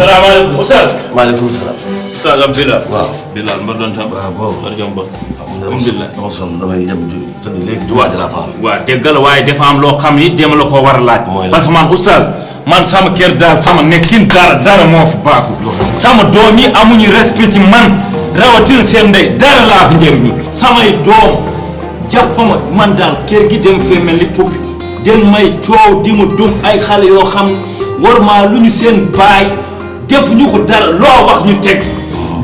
salaamaaleykum Oustaz. maaleykum salaam. Oustaz am Bilal. waaw Bilal mbar doon tam. waaw boobu mbar jàmm ba. alhamdulilah dama sonn damay dem di tëdd léegi di waaj laa fa am. waaw dégg la waaye dafa am loo xam ni dem la ko war a laaj. parce que man Oustaz man sama kër daal sama nekkin dara dara moo fi baaxul. sama doom yi amuñu respect man rawatina seen ndey dara laa fi njëriñu. samay doom jàppama man daal kër gi dem fee mel ni pupp den may coow di ma dum ay xale yoo xam war maa lu ñu seen baay. def ñu ko dara loo wax ñu teg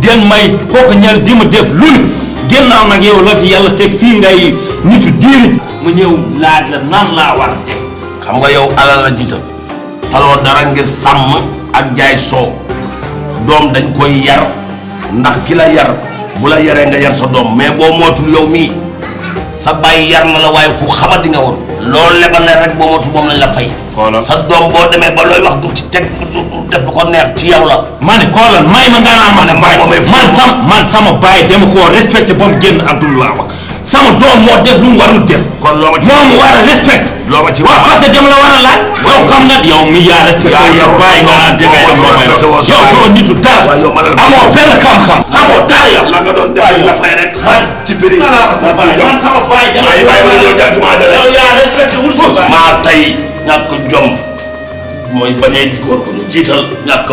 den may kooku ñaar di ma def lu ne gennaaw nag yow la fi yàlla teg fii ngay nitu diini mu ñëw laaj la nan laa war a def xam nga yow alal la jiital taloo dara ngir sàmm ak jaay soow doom dañ koy yar ndax ki la yar bu la yaree nga yar sa doom mais boo mootul yow mii sa bàyyi yar na la waaye ku xamadi nga woon loolu lebal la rek boo motu moom lañ la fay. sa doom boo demee ba looy wax du ci teg du def lu ko neex ci yow la. ma ne koolal may ma nga naan ma sama man sama man sama baay dama koo respecté ba mu génn Abdoulaye sama doom moo def lu mu def. kon loo ma ci moom war parce que dem la war a laaj. yow xam yow mi yaa respecté. yaa yow nga naan yow doo nitu dara. amoo benn xam-xam. amoo la fay rek. ci biir maa tay ñàkk jom mooy bañee góor gu ñu jiital ñàkk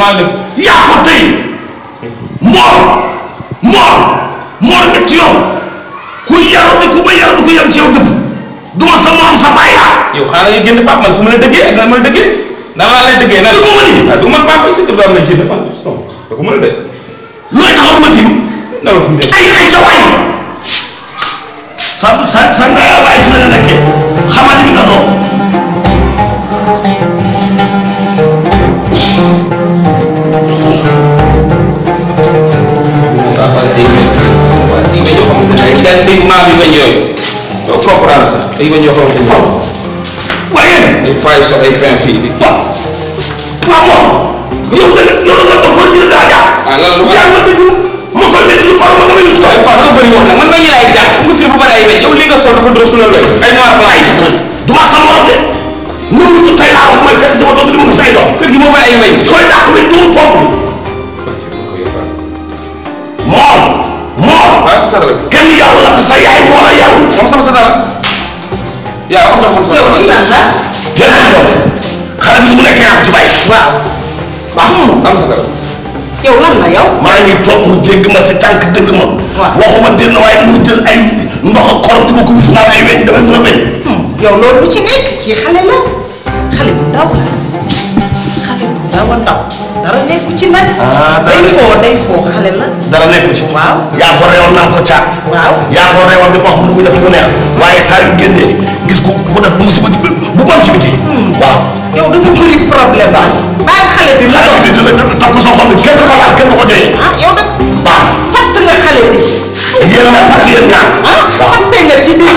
maa ko tey moor moor moor nga ci ku yaru ku ba yaru ku yem ci yow dëpp du ma sa morom sa bàyyi laa yow xaaral yu génn Pape man fu mu la dëggee ak nan ma la dëggee nan laa lay ma si ah, dëgg am na ci dëpp ah, non dëggu ma la de looy taxaw ma tiim na la fu ay ay ca waay sa nga waay ci la nekkee xamante ni nga doon dégg maam yu weñ yooyu doo comprendre yoo xamante ni waaye ay fii bi moom yow da yow da nga doon fële daa jàpp ah lan la jàng dëgg ma koy métti lu par ma damay lu tooy waaw dafa bëri wax nag man ma ñu lay jàpp nga fi dafa bëri ay weñ yow li moom waaw sa dara. kenn yarul la te sama sa dara. yaa am na xam hmm. sa dara. yow la. la yow. maa ngi toog mu ma si tànk dëgg ma. waaw waxuma dënn waaye mu jël ay ndox ak di ma ko wis naan ay weñ dama mën a weñ. Hmm. loolu lu ci nekk kii xale la xale bu ndaw la. nekku ci nag. Ah, day foo day foo xale la. dara nekku ci. waaw yaa ko reewoon naa ko caa. waaw yaa ko reewoon di ko wax waaye sa yu génnee gis ku ku def musiba bu bon ci biti. Hmm. waaw yow da nga bëri problème ah. baal xale bi ma doon xale bi dina tax ko soo xam ne kenn ko laal kenn ah, xale bi. yéen a ma fàtt yéen ah, nga ci biir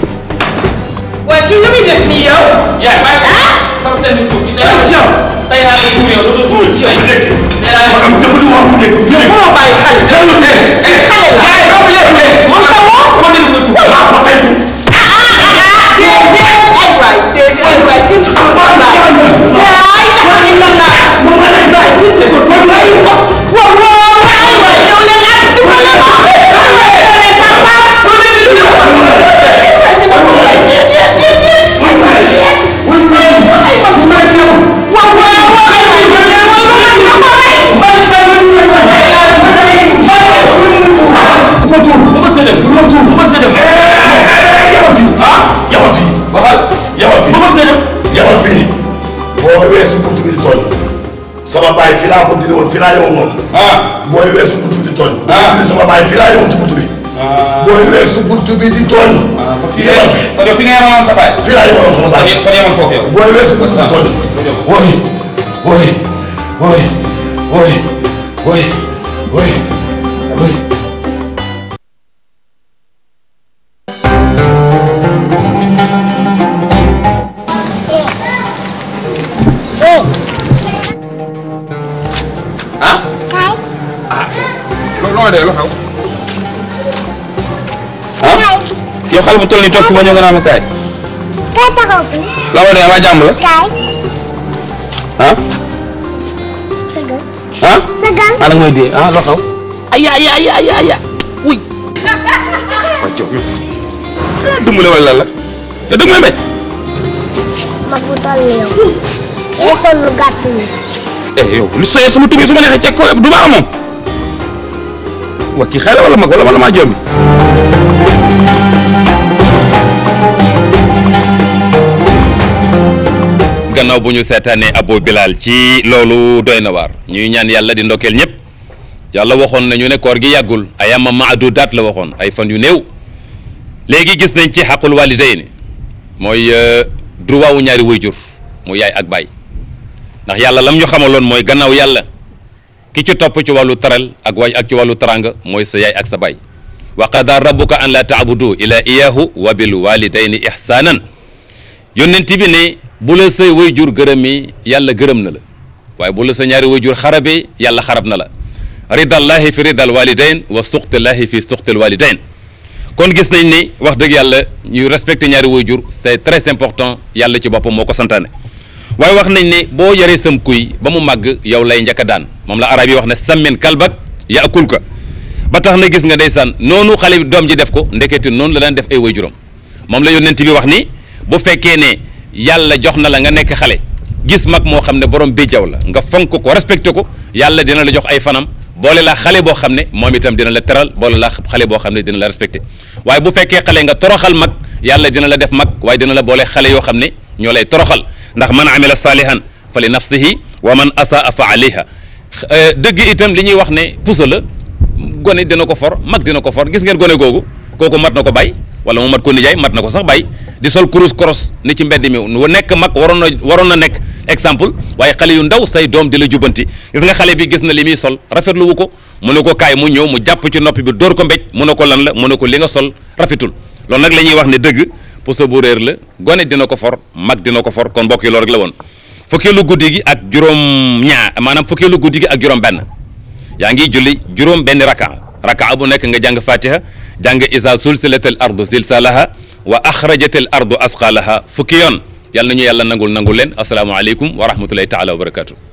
waaye kii nu muy def nii yow. yaa ngi bàyyi ko sama seen bi tuub. tey yow tey yaa ngi tuub yow loolu tuub yow. nee naa la ma am jëfandiku woon fu nekk. yow mënoo bàyyi xale. xale la. boo weesu buntu bi di tooñ sama baay fii laa ko dindi woon fii laa yemoon ah. booy weesu buntu bi di tooñ. ah dindi sama baay fii laa yemoon booy weesu buntu di tooñ. fii yemal fi kon yow sama baay booy weesu buntu bi di tooñ. wooyi wooyi wooyi wooyi wooyi wooyi. noo dee lu xaw. ah yow xale bu toll nii ma ñëw nga naan ma kaay. kaay taxaw fi. la ma dee ma jàmm la. kaay. ah. sëgal. ah. sëgal ah da nga may dee ah loo xaw. ay ay ay ay ay wuy. waa Diop yow. dimbale wala lan la yow dëgg may may. mag bu toll nii yow. yow oh. lu gàtt nii. eh yow lu sooyee ma neexee ceeb ko du baax moom. wa kii xale mag wala wala maa jommi gannaaw bu ñu seetaanee Abu Bilal ci loolu doy na waar ñuy ñaan yàlla di ndokkeel ñëpp yàlla waxoon nañu ne koor gi yàggul ay ayama daat la waxoon ay fan yu néew léegi gis nañ ci xaqul walidayni mooy euh, droit wu ñaari wayjur mu yaay ak baay ndax yàlla lam ñu xamaloon mooy gannaaw yàlla ki ci topp ci wàllu taral ak waay ak ci wàllu taranga mooy sa yaay ak sa baay wa qada rabbuka an la taabudu ila iyahu wa bil walidayni ihsanan yónnent bi ne bu la sa way jur gërëmee yàlla gërëm na la waaye bu la sa ñaari way jur xarabee yàlla xarab na la ridallahi fi ridal walidayn wa suxtillahi fi suxtil walidayn kon gis nañ ni wax dëgg yàlla ñuy respecter ñaari way jur c'est très important yàlla ci boppam moo ko santaane waaye wax nañ ne boo yoree sam kuy ba mu màgg yow lay njëkk daan moom la arab yi wax ne sàmmin kalbak yaakul ka ba tax na gis nga ndeysaan noonu xale bi doom ji def ko ndekete noonu la daan def ay waajuram moom la yónnent bi wax ni bu fekkee ne yàlla jox na la nga nekk xale gis mag moo xam ne borom bi jaw la nga fonk ko respecté ko yàlla dina la jox ay fanam boole la xale boo xam ne moom itam dina la teral boole la xale boo xam ne dina la respecté waaye bu fekkee nga toroxal mag yàlla dina la def mag waaye dina la boole xale yoo xam ne ñoo lay toroxal ndax man a saalihan fa li nafsihi wa man asaa fa alayha eh, dëgg itam li ñuy wax ne puso la gone dina ko for mag dina ko for gis ngeen gone googu kooku mat na ko bay wala mu mat ko nijaay mat na ko sax bay di sol kurus koros ni ci mbedd mi wa nekk mag waroon na waroon na nekk exemple waaye xale yu ndaw say doom di la jubbanti gis nga xale bi gis na li muy sol rafetlu wu ko mu ne ko kaay mu ñëw mu jàpp ci noppi bi dóor ko mbéj mu ne ko lan la mu ne ko li nga sol rafetul loolu nag la ñuy wax ne dëgg puso bu réer la gone dina ko for mag dina ko for kon mbokk yi rek la woon fukkeelu guddi gi ak juróom ñaar maanaam fukkeelu guddi gi ak juróom benn yaa ngi julli juróom benn raka raka bu nekk nga jàng fatiha jàng isa sulsilat al ardu zilsalaha wa axrajat al ardu asqalaha fukki yoon yàlla nañu yàlla nangul nangul leen asalaamaaleykum wa rahmatullahi taala wa barakatu